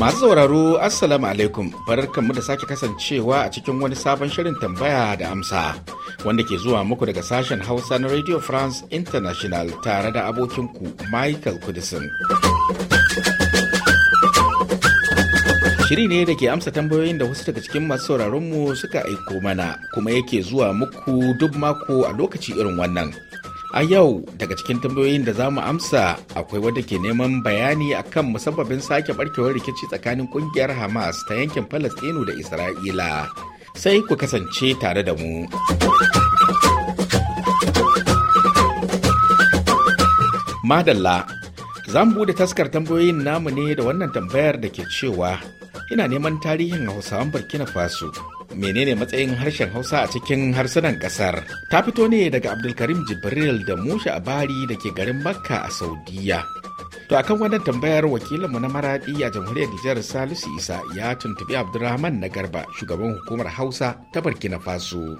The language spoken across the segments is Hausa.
Masu sauraro Assalamu alaikum kanmu da sake kasancewa a cikin wani sabon shirin tambaya da amsa wanda ke zuwa muku daga sashen Hausa na Radio France International tare da abokinku Michael Kudisin. Shiri ne da ke amsa tambayoyin da wasu daga cikin masu sauraronmu suka aiko mana kuma yake zuwa muku duk mako a lokaci irin wannan. A yau daga cikin tambayoyin da za mu amsa akwai wadda ke neman bayani akan musabbabin sake barkewar rikici tsakanin kungiyar Hamas ta yankin Falastinu da Isra'ila. Sai ku kasance tare da mu. Madalla, za mu bude taskar tambayoyin namu ne da wannan tambayar da ke cewa ina neman tarihin hausawan burkina faso menene matsayin harshen hausa a cikin harsunan kasar ta fito ne daga abdulkarim jibril da musha abari da ke garin makka a saudiya to akan wannan tambayar wakilinmu na maradi a jamhuriyar nijar salisu isa ya tuntubi abdulrahman na garba shugaban hukumar hausa ta burkina faso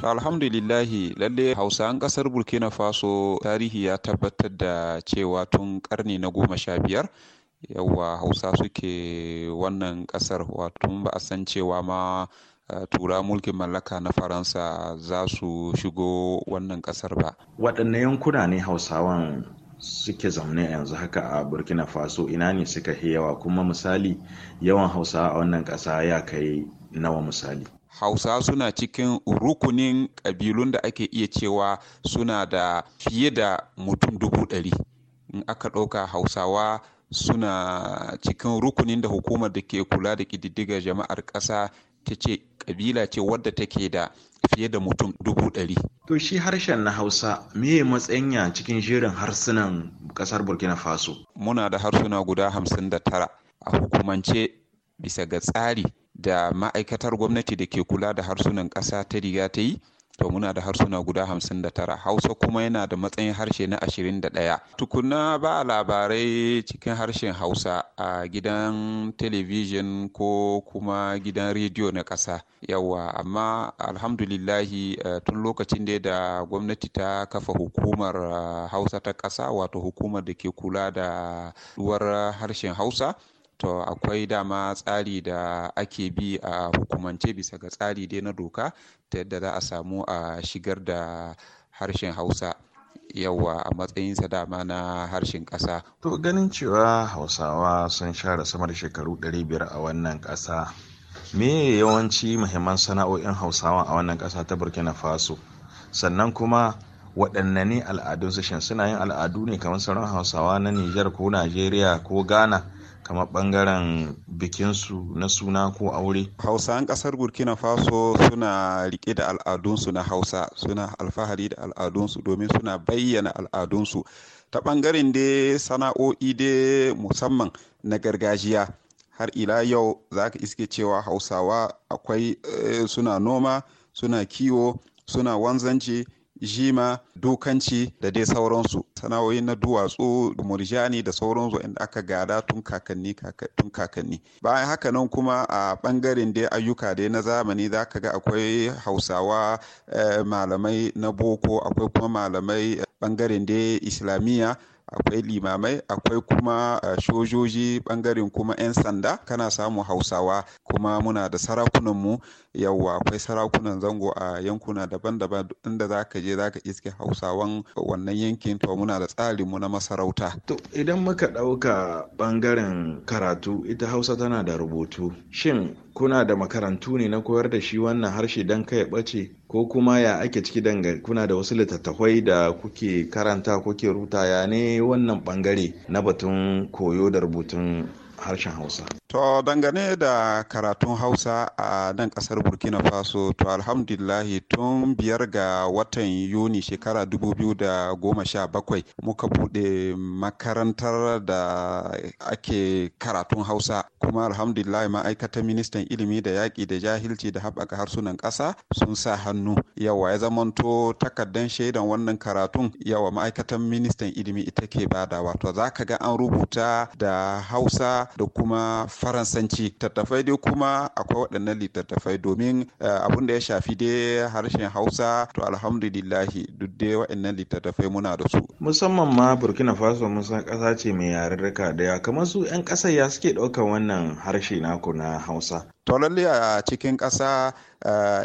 To alhamdulillahi lalle hausawan kasar burkina faso tarihi ya tabbatar da cewa tun karni na goma sha biyar yawwa hausa suke wannan ƙasar wato ba a san cewa ma eh, tura mulkin mallaka na faransa za su shigo wannan ƙasar ba waɗanne yankuna ne hausawan suke zaune yanzu haka a burkina faso ina ne suka yawa kuma misali yawan hausa a wannan ƙasa ya kai nawa misali hausa suna cikin rukunin ƙabilun da ake iya cewa suna da fiye da mutum dubu ɗari in aka ɗauka hausawa suna cikin rukunin da hukumar da ke kula da ƙididdigar jama'ar ƙasa ta ce ƙabila ce wadda take da fiye da mutum dubu ɗari. To shi harshen na Hausa meye ya cikin shirin harsunan ƙasar Burkina Faso? Muna da harsuna guda hamsin da tara a hukumance bisa ga tsari da ma'aikatar gwamnati da ke kula da harsunan ƙasa ta riga ta yi to muna da harsuna guda hamsin da tara hausa kuma yana da matsayin harshe na ashirin da ɗaya tukuna ba labarai cikin harshen hausa a gidan telebijin ko kuma gidan rediyo na ƙasa yawa amma alhamdulillahi eh, tun lokacin da da gwamnati ta kafa hukumar eh, hausa ta ƙasa wato hukumar da ke kula da duwar harshen hausa to akwai dama tsari da ake bi a hukumance bisa ga tsari dai na doka ta yadda za a samu a shigar da harshen hausa yawa a matsayinsa dama na harshen ƙasa. to ganin cewa hausawa sun share sama da shekaru biyar a wannan ƙasa me yawanci muhimman sana'o'in hausawa a wannan ƙasa ta burkina faso sannan kuma waɗanne ne al'adun su shin suna yin al'adu ne kamar sauran hausawa na nijar ko najeriya ko ghana kamar bangaren bikinsu na suna ko aure. Hausawan kasar Burkina Faso suna rike da al'adunsu na Hausa suna alfahari da al'adunsu domin suna bayyana al'adunsu ta bangaren da sana'o'i da musamman na gargajiya har ila yau za ka iske cewa Hausawa akwai eh, suna noma suna kiwo suna wanzanci jima dokanci da dai sauransu sana'o'i na duwatsu murjani da sauransu inda aka gada tun kakanni tun kakanni bayan haka nan kuma a bangaren dai ayyuka dai na zamani za ka ga akwai hausawa eh, malamai na boko akwai kuma malamai bangaren eh, dai islamiyya akwai limamai akwai kuma eh, shojoji bangaren kuma 'yan sanda kana samu hausawa kuma muna da sarakunan mu. Yau akwai sarakunan zango a yankuna daban-daban inda za ka je za ka iske hausawan wannan yankin to muna da tsarinmu na masarauta. to idan muka ɗauka bangaren karatu ita hausa tana da rubutu shin kuna da makarantu ne na koyar da shi wannan harshe don kai ɓace ko kuma ya ake ciki danga kuna da wasu littattafai da kuke karanta kuke rubuta ne wannan bangare na batun koyo da rubutun harshen hausa To dangane da karatun Hausa a nan ƙasar Burkina Faso, to alhamdulillahi tun biyar ga watan Yuni shekara 2017 muka bude makarantar da ake karatun Hausa. Kuma alhamdulillahi ma'aikatan ministan ilimi da yaƙi da jahilci da haɓaka harsunan ƙasa sun sa hannu. Yawa ya zamanto takardan shaidan wannan karatun yawa ma'aikatan ministan ilimi ita ke badawa. wato? za ka ga an rubuta da Hausa da kuma faransanci tattafai dai kuma akwai waɗannan littattafai domin eh, abin da ya shafi dai harshen hausa to alhamdulillahi duk dai waɗannan littattafai muna da su musamman ma burkina faso mun ƙasa ce mai yarurruka da ya kamar su 'yan ƙasar ya suke ɗaukar wannan harshe naku na hausa to lalle a cikin ƙasa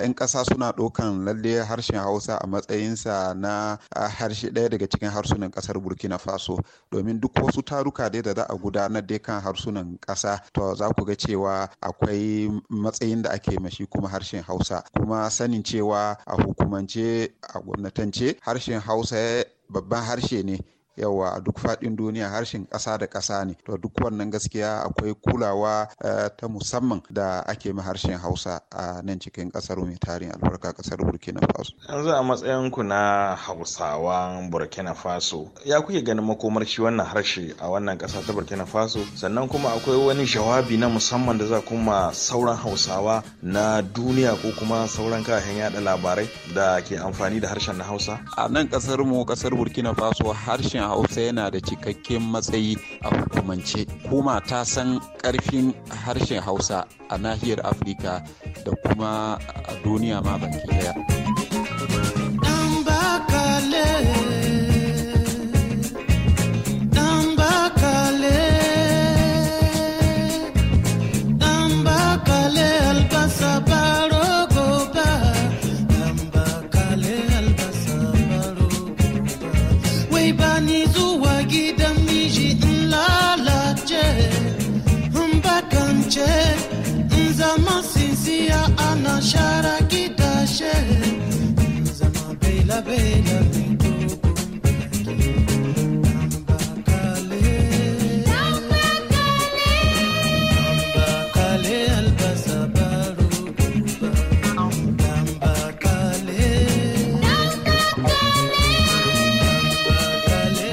yan eh, ƙasa suna ɗaukan lalle harshen hausa a matsayinsa na harshe ɗaya daga cikin harsunan ƙasar burkina faso domin duk wasu taruka dai da za a gudanar dai kan harsunan ƙasa to za ku ga cewa akwai matsayin da ake mashi kuma harshen hausa kuma sanin cewa a hukumance a gwamnatance harshen hausa babban harshe ne yawa a duk faɗin duniya harshen ƙasa da ƙasa ne to duk wannan gaskiya akwai kulawa eh, ta musamman da ake ma harshen hausa a nan cikin ƙasar mai tarin albarka ƙasar burkina faso yanzu a matsayin ku na hausawan burkina faso ya kuke ganin makomar shi wannan harshe a wannan ƙasa ta burkina faso sannan kuma akwai wani jawabi na musamman da za kuma sauran hausawa na duniya ko kuma sauran kayan yada labarai da ke amfani da harshen na hausa a nan ƙasar mu ƙasar burkina faso harshen sashen hausa yana da cikakken matsayi a hukumance kuma ta san karfin harshen hausa a nahiyar afirka da kuma a duniya ma baki daya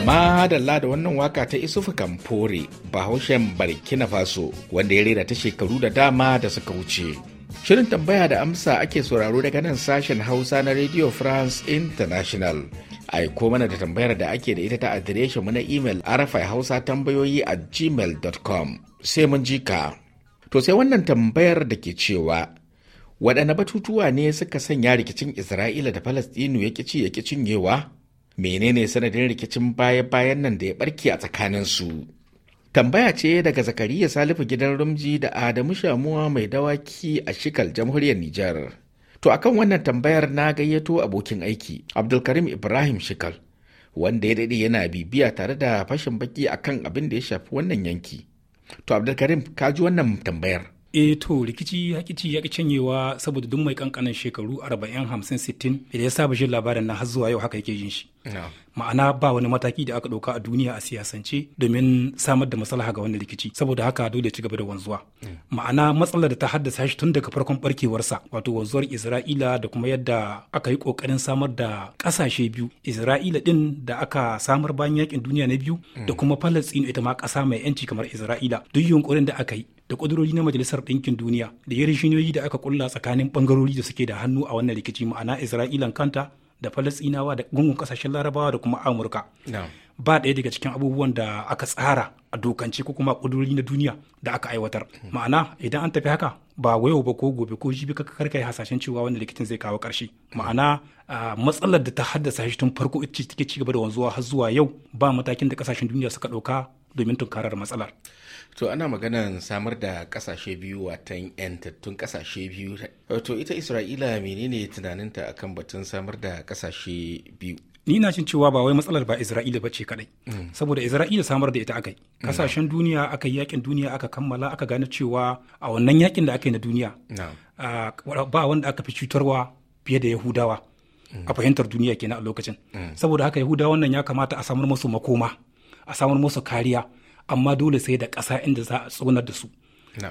madalla da wannan waka ta isufu kamfore bahaushen burkina faso wanda ya rera ta shekaru da dama da suka wuce Shirin tambaya da amsa ake sauraro daga nan sashen Hausa na Radio France International. Aiko mana da tambayar da ake da ita ta adireshinmu na imel arafai hausa tambayoyi a gmail.com sai mun ji ka. To sai wannan tambayar da ke cewa waɗanne batutuwa ne suka sanya rikicin Isra'ila da Falastinu ya ci ya cinyewa? Menene sanadin rikicin baya-bayan nan da ya ɓarke a tsakanin su? Tambaya ce daga Zakariya Salifu gidan Rumji da Adamu Shamuwa mai dawaki a shikal jamhuriyar Nijar. To akan wannan tambayar na gayyato abokin aiki Abdulkarim Ibrahim Shikal wanda ya daɗe yana bibiya tare da fashin baki akan abin da ya shafi wannan yanki. To Abdulkarim ka ji wannan tambayar. e to rikici ya kici ya canyewa saboda duk mai kankanin shekaru 40 50 60 da ya saba jin labarin na har zuwa yau haka yake jin shi ma'ana ba wani mataki da aka ɗauka a duniya a siyasance domin samar da maslaha ga wannan rikici saboda haka dole ci gaba da wanzuwa mm. ma'ana matsalar da ta haddasa shi tun daga farkon barkewarsa wato wanzuwar isra'ila da kuma yadda aka yi kokarin samar da kasashe biyu isra'ila din da aka samar bayan yakin duniya na biyu da mm. kuma palestine ita ma ƙasa mai yanci kamar isra'ila duk yunkurin da aka yi da ƙudurori na majalisar ɗinkin duniya da yarjejeniyoyi da aka kulla tsakanin ɓangarori da suke da hannu a wannan rikici ma'ana isra'ilan kanta da falastinawa da gungun ƙasashen larabawa da kuma amurka ba ɗaya daga cikin abubuwan da aka tsara a dokance ko kuma ƙudurori na duniya da aka aiwatar ma'ana idan an tafi haka ba wayo ba ko gobe ko jibi ka karka hasashen cewa wannan likitin zai kawo ƙarshe ma'ana matsalar da ta haddasa shi tun farko ita ce take ci gaba da wanzuwa har zuwa yau ba matakin da ƙasashen duniya suka ɗauka domin tunkarar matsalar to ana maganan samar da kasashe biyu watan yantattun kasashe biyu to ita isra'ila menene tunaninta akan batun samar da kasashe biyu ni na cin cewa ba wai matsalar ba isra'ila ba ce kadai mm. saboda isra'ila samar da ita akai kasashen mm. duniya aka yi yakin duniya aka kammala aka gane cewa a wannan yakin da aka yi na duniya ba wanda aka fi cutarwa fiye da yahudawa mm. a fahimtar duniya kenan a lokacin saboda haka Yahudawa nan ya kamata a samar musu makoma a samar musu kariya amma dole sai da ƙasa inda za a tsonar da su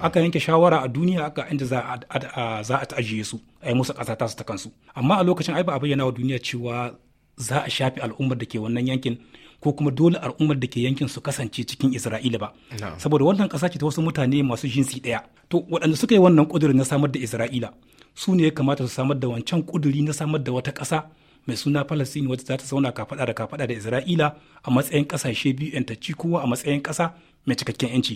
aka yanke shawara a duniya aka inda za a ajiye su a yi musu ƙasa tasu ta kansu amma a lokacin ai ba a bayyana wa duniya cewa za a shafi al'ummar da ke wannan yankin ko kuma dole al'ummar da ke yankin su kasance cikin isra'ila ba saboda wannan ƙasa ce ta wasu mutane masu jinsi ɗaya to waɗanda suka yi wannan ƙudurin na samar da isra'ila su ne ya kamata su samar da wancan ƙuduri na samar da wata ƙasa mai suna palestine wadda za ta zauna kafada da kafada da isra'ila a matsayin kasashe biyu yantacci kowa a matsayin kasa mai cikakken yanci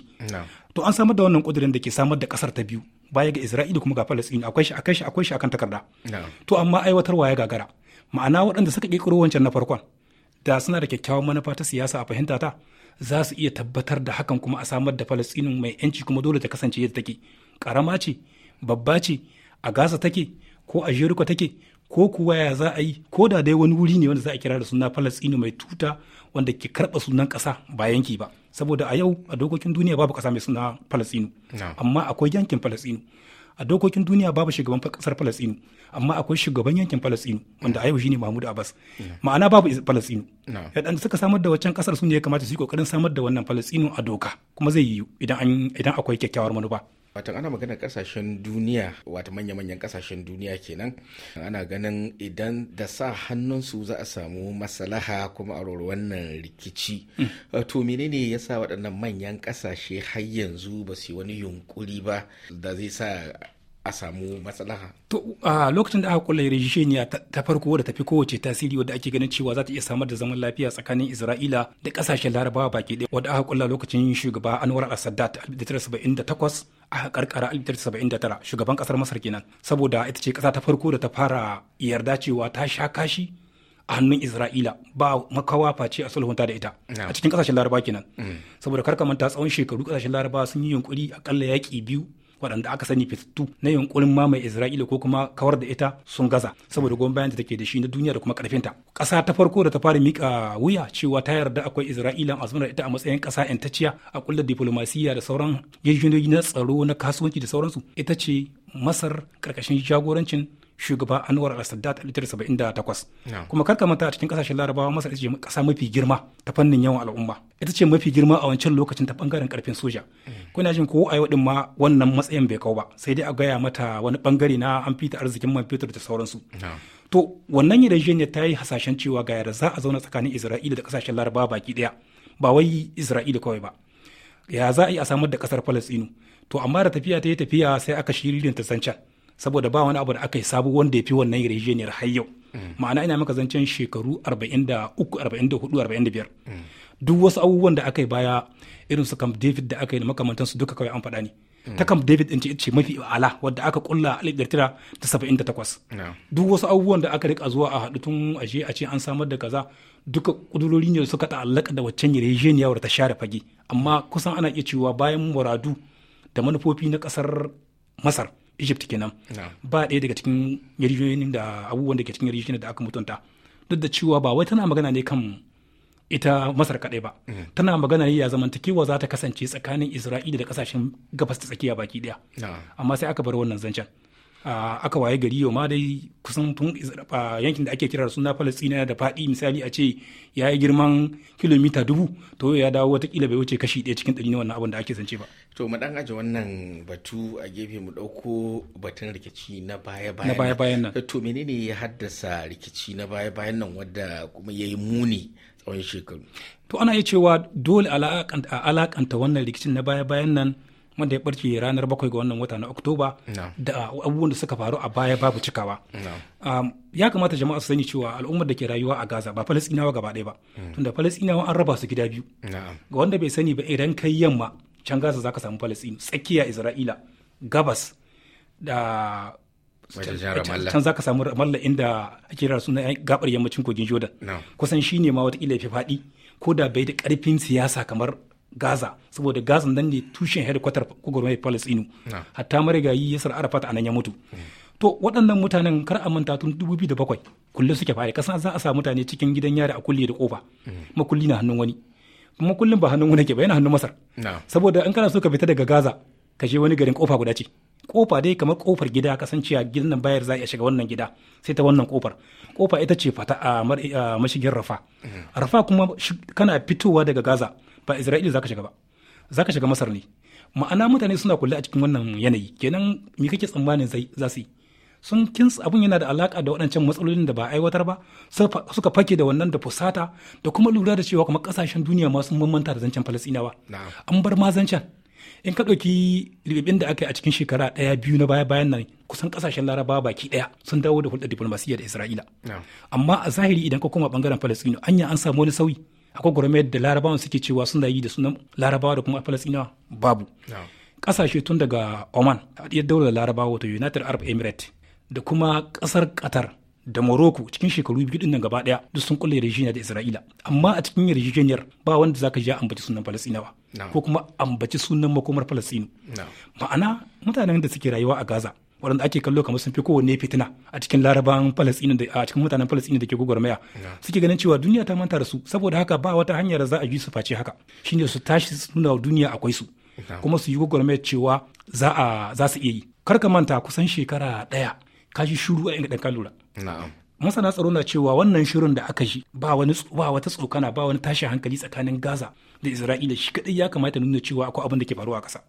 to an samar da wannan kudirin da ke samar da kasar ta biyu baya ga isra'ila kuma ga palestine akwai shi akwai shi akwai shi akan takarda to amma aiwatarwa ya gagara ma'ana waɗanda suka kirkiro wancan na farkon da suna da kyakkyawan manufa ta siyasa a fahimta ta za su iya tabbatar da hakan kuma a samar da palestine mai yanci kuma dole ta kasance yadda take karama ce babba ce a gaza take ko a jeriko take ko kuwa ya za a yi ko da dai wani wuri ne wanda za a kira da suna falastinu mai tuta wanda ke karɓa sunan ƙasa ba yanki ba saboda a yau a dokokin duniya babu ƙasa mai suna falastinu amma akwai yankin falastinu a dokokin duniya babu shugaban ƙasar falasinu amma akwai shugaban yankin falasinu wanda a yau shine mahmud abbas ma'ana babu falasinu yadda suka samar da waccan ƙasar su ne ya kamata su yi kokarin samar da wannan falasinu a doka kuma zai yiwu idan akwai kyakkyawar manufa watan ana maganar kasashen duniya wata manya-manyan kasashen duniya kenan ana ganin idan da sa hannunsu za a samu masalaha kuma a wannan rikici hmm. to menene ya sa waɗannan manyan kasashe har yanzu ba su yi wani yunkuri ba da zai sa a samu matsalaha. To a lokacin da aka kulla yarjejeniya ta farko wadda tafi kowace tasiri wadda ake ganin cewa za ta iya samar da zaman lafiya tsakanin Isra'ila da kasashen Larabawa baki ɗaya wadda aka kulla lokacin shugaba Anwar al-Sadat 1978 aka karkara 1979 shugaban kasar Masar kenan saboda ita ce kasa ta farko da ta fara yarda cewa ta sha kashi a hannun Isra'ila ba makawa face a sulhunta da ita a cikin kasashen Larabawa kenan mm. saboda karkamanta tsawon shekaru kasashen Larabawa sun yi yunkuri akalla yaƙi biyu waɗanda aka sani fitattu na yunkurin mamaye Isra'ila ko kuma kawar da ita sun gaza saboda goyon bayan da take da shi na duniya da kuma karfinta ƙasa ta farko da ta fara mika wuya cewa ta yarda akwai Isra'ila a da ita a matsayin ƙasa yantacciya a kullar diplomasiya da sauran yanjinoyi na tsaro na kasuwanci da sauransu ita ce Masar ƙarƙashin jagorancin shugaba anwar al-sadat a takwas kuma karka a cikin kasashen larabawa masar ita ce kasa mafi girma ta fannin yawan al'umma ita ce mafi girma a wancan lokacin ta bangaren karfin soja kuna jin ko a din ma wannan matsayin bai kau ba sai dai a gaya mata wani bangare na an fita arzikin man fetur da sauransu to wannan yarjejeniyar ta yi hasashen cewa ga yadda za a zauna tsakanin isra'ila da kasashen laraba baki daya ba wai isra'ila kawai ba ya za a yi a samar da kasar falastinu to amma da tafiya ta yi tafiya sai aka shiririn ta zancen saboda ba wani abu da aka yi sabo wanda ya fi wannan yarjejeniyar har yau mm. ma'ana ina maka zancen shekaru 43 44 45 duk wasu abubuwan da aka yi baya irin su kam david da aka yi da makamantansu duka kawai an faɗa ne ta kam david ɗin ce mafi ala wadda aka kulla a alif Tira ta saba'in da takwas duk wasu abubuwan da aka rika zuwa a haɗu tun ashe a ce an samar da kaza duka kudurori ne suka ta'allaka da waccan yarjejeniya wadda ta share fage amma kusan ana iya cewa bayan muradu da manufofi na ƙasar masar egypt kenan ba ɗaya daga cikin yarjejeniyar da abubuwan da ke cikin yarjejeniyar da aka mutunta duk da cewa ba wai tana magana ne kan ita masar kadai ba mm. tana magana ya zamantakewa za ta kasance tsakanin isra'ila da kasashen gabas ta tsakiya baki daya ah. amma sai aka bar wannan zancen ah, aka waye gari yau ma dai kusan tun ah, yankin da ake kira suna palestina da faɗi misali a ce ya yi girman kilomita dubu to ya dawo watakila bai wuce kashi ɗaya cikin ɗari na wannan abin da ake zance ba to mu dan aje wannan batu a gefe mu ɗauko batun rikici na baya bayan na baya bayan nan to menene ya haddasa rikici na baya bayan nan wanda kuma yi muni tsawon shekaru to ana iya cewa dole a alakanta wannan rikicin na baya bayan nan wanda ya barke ranar bakwai ga wannan wata na oktoba da abubuwan da suka faru a baya babu cikawa ya kamata jama'a su sani cewa al'ummar da ke rayuwa a gaza ba falasinawa gaba ɗaya ba hmm. tunda falasinawa an raba su gida biyu ga wanda bai sani ba idan kai yamma can gaza zaka samu falasinu tsakiya isra'ila gabas da can za ka samu ramallah inda ake rara suna gabar yammacin kogin jordan kusan shi ne ma wata ya fi faɗi ko da bai da ƙarfin siyasa kamar gaza saboda gaza nan ne tushen headquarter gwamnatin palestinu hatta marigayi yasar arafat a nan ya mutu hmm. to waɗannan mutanen kar a manta tun 2007 kulle suke fare kasan za a sa mutane cikin gidan yari a kulle da kofa hmm. kulli na hannun wani kuma kullum ba hannun wani ke ba yana hannun masar saboda in kana so ka fita daga gaza ka je wani garin kofa guda ce kofa dai kamar kofar gida kasancewa gidan bayar za a shiga wannan gida sai ta wannan kofar kofa ita ce fata a mashigin rafa rafa kuma kana fitowa daga gaza ba isra'ila zaka shiga ba zaka shiga masar ne ma'ana mutane suna kula a cikin wannan yanayi kenan me kake tsammanin za su yi sun kins abun yana da alaka da waɗancan matsalolin da ba aiwatar ba suka fake da wannan da fusata da kuma lura da cewa kamar kasashen duniya ma sun mamanta da zancen falasinawa an bar ma zancen in ka ɗauki ribibin da aka yi a cikin shekara ɗaya biyu na baya bayan nan kusan ƙasashen laraba baki ɗaya sun dawo da hulɗar diplomasiyya da isra'ila amma a zahiri idan ka koma ɓangaren falastino anya an samu wani sauyi akwai gwarmayar da larabawan suke cewa suna yi da sunan larabawa da kuma falastinawa babu ƙasashe tun daga oman haɗiyar daular larabawa wato united arab emirates da kuma ƙasar qatar da Morocco cikin shekaru biyu din nan gaba daya duk sun kulle yarjejeniya da Isra'ila amma a cikin yarjejeniyar ba wanda zaka ji ambaci sunan Falastinawa ko kuma ambaci sunan makomar Falastinu ma'ana mutanen da suke rayuwa a Gaza waɗanda ake kallo kamar sun fi kowanne fitina a cikin laraban falasɗin da a cikin mutanen falasɗin da ke gwagwarmaya suke ganin cewa duniya ta manta da su saboda haka ba wata hanyar da za a bi su face haka shine su tashi su nuna wa duniya akwai su kuma su yi gwagwarmaya cewa za a za su iya yi kar ka manta kusan shekara ɗaya kashi shuru a inda ɗan ka lura masana tsaro na cewa wannan shirin da aka yi ba wani ba wata tsokana ba wani tashin hankali tsakanin Gaza da Isra'ila shi kadai ya kamata nuna cewa akwai abin da ke faruwa a ƙasa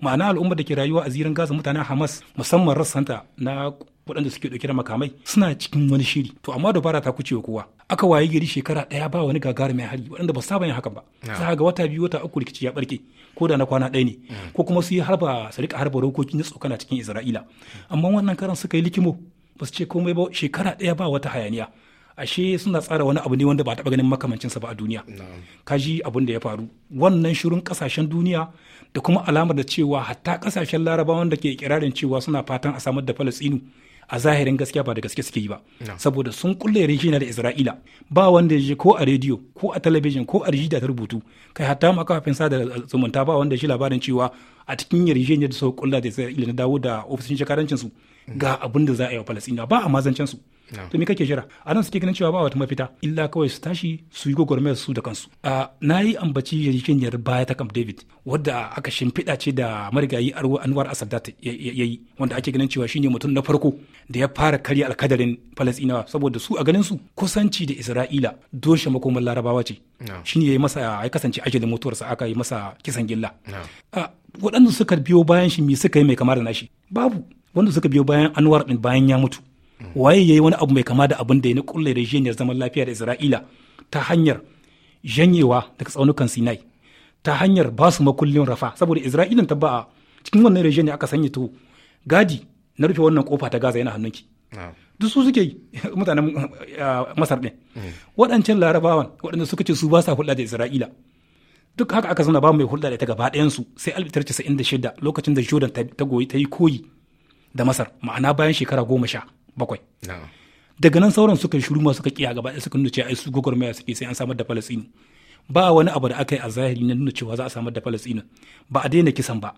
ma'ana al'ummar da ke rayuwa a zirin Gaza mutanen Hamas musamman rassanta na waɗanda suke ɗauke da makamai suna cikin wani shiri to amma da dabara ta wa kowa aka waye gari shekara ɗaya ba wani gagarumin hali waɗanda ba saba yin hakan ba za ga wata biyu wata uku rikici ya barke ko da na kwana ɗaya ne mm. ko kuma su yi harba su harba rokoki na tsokana cikin isra'ila amma wannan karan suka yi likimo ba su ce komai ba shekara ɗaya ba wata hayaniya ashe suna tsara wani abu ne wanda ba taɓa ganin sa ba a duniya kaji abin da ya faru wannan shirin kasashen duniya da kuma alamar da cewa hatta kasashen larabawan da ke kirarin cewa suna fatan a samar da falastinu a zahirin gaskiya ba da gaske suke yi ba saboda sun kulle rijina da isra'ila ba wanda ya je ko a rediyo ko a talabijin ko a rijida ta rubutu kai hatta ma kafin sada zumunta ba wanda ya shi labarin cewa a cikin yarjejeniyar da suka kulla da isra'ila na dawo da ofishin shekarancin su ga abin da za a yi wa falasina ba a mazancen su to me kake jira a nan suke ganin cewa ba wata mafita illa kawai su tashi su yi gwagwarmayar su da kansu a na yi ambaci yarjejeniyar baya ta kam david wadda aka shimfiɗa ce da marigayi anwar asadat ya yi wanda ake ganin cewa shine mutum na farko da ya fara karya alkadarin falasinawa saboda su a ganin su kusanci da isra'ila doshe makomar larabawa ce shine ya yi masa ya kasance ajalin mutuwarsa aka yi masa kisan gilla waɗanda suka biyo bayan shi me suka yi mai kama da nashi babu wanda suka biyo bayan anwar din bayan ya mutu waye yayi wani abu mai kama da abin da ya na kulle rejiyar zaman lafiya da isra'ila ta hanyar janyewa daga tsaunukan sinai ta hanyar ba su makullin rafa saboda isra'ilan ta ba cikin wannan rejiyar ne aka sanya to gadi na rufe wannan kofa ta gaza yana hannunki duk su suke mutanen uh, masar din waɗancan larabawan waɗanda suka ce su ba sa hulɗa da isra'ila duk haka aka zauna ba mai hulɗa da ita gaba su sai 1996 lokacin da jordan ta goyi ta yi koyi da masar ma'ana bayan shekara goma sha bakwai daga nan sauran suka shuru masu suka kiya gaba suka nuna cewa ai su gwagwarmaya suke sai an samar da falasɗinu. ba wani abu da aka yi a zahiri na nuna cewa za a samar da falasɗinu ba a daina kisan ba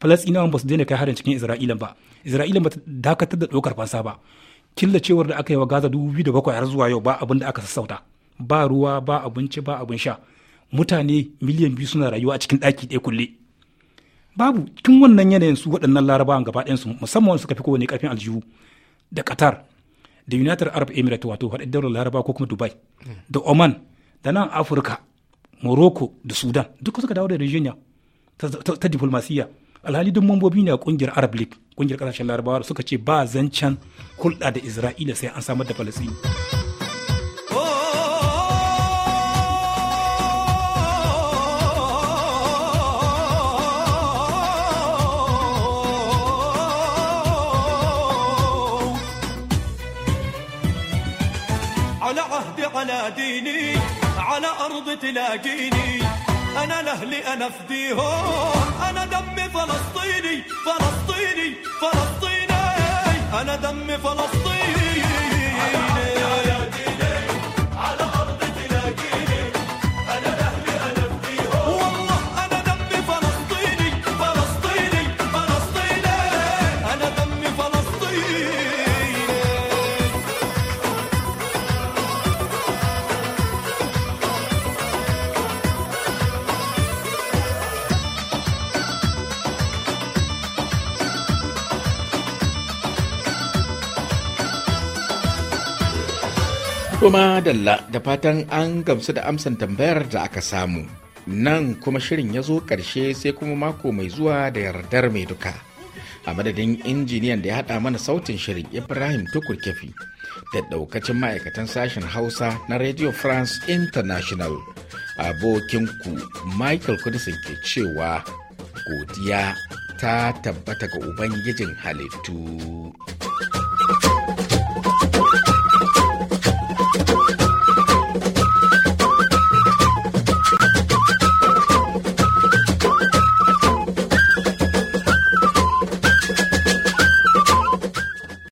falastinawan ba su daina kai harin cikin isra'ila ba isra'ila ba ta dakatar da ɗaukar fansa ba killa cewar da aka yi wa gaza dubu biyu da bakwai har zuwa yau ba abin da aka sassauta ba ruwa ba abinci ba abin sha mutane miliyan biyu suna rayuwa a cikin ɗaki ɗaya kulle babu tun wannan yanayin su waɗannan larabawan gaba ɗayan su musamman suka fi kowane ƙarfin aljihu da qatar da united arab emirates wato haɗin daular laraba ko kuma dubai da oman da nan afirka morocco da sudan duk suka dawo da virginia ta diplomasiya alhali duk mambobi ne a kungiyar arab league kungiyar kasashen larabawa suka ce ba zancen hulɗa da isra'ila sai an samar da falasini تلاقيني انا لاهلي انا فديهم انا دمي فلسطيني فلسطيني فلسطيني انا دمي kuma Dalla da fatan an gamsu da amsan tambayar da aka samu. Nan kuma shirin ya zo ƙarshe sai kuma mako mai zuwa da yardar mai duka. A madadin injiniyan da ya haɗa mana sautin shirin Ibrahim Tukur Kefi da ɗaukacin ma'aikatan sashen Hausa na Radio France International. Abokinku Michael Kudisin ke cewa godiya ta tabbata ga Ubangijin halittu.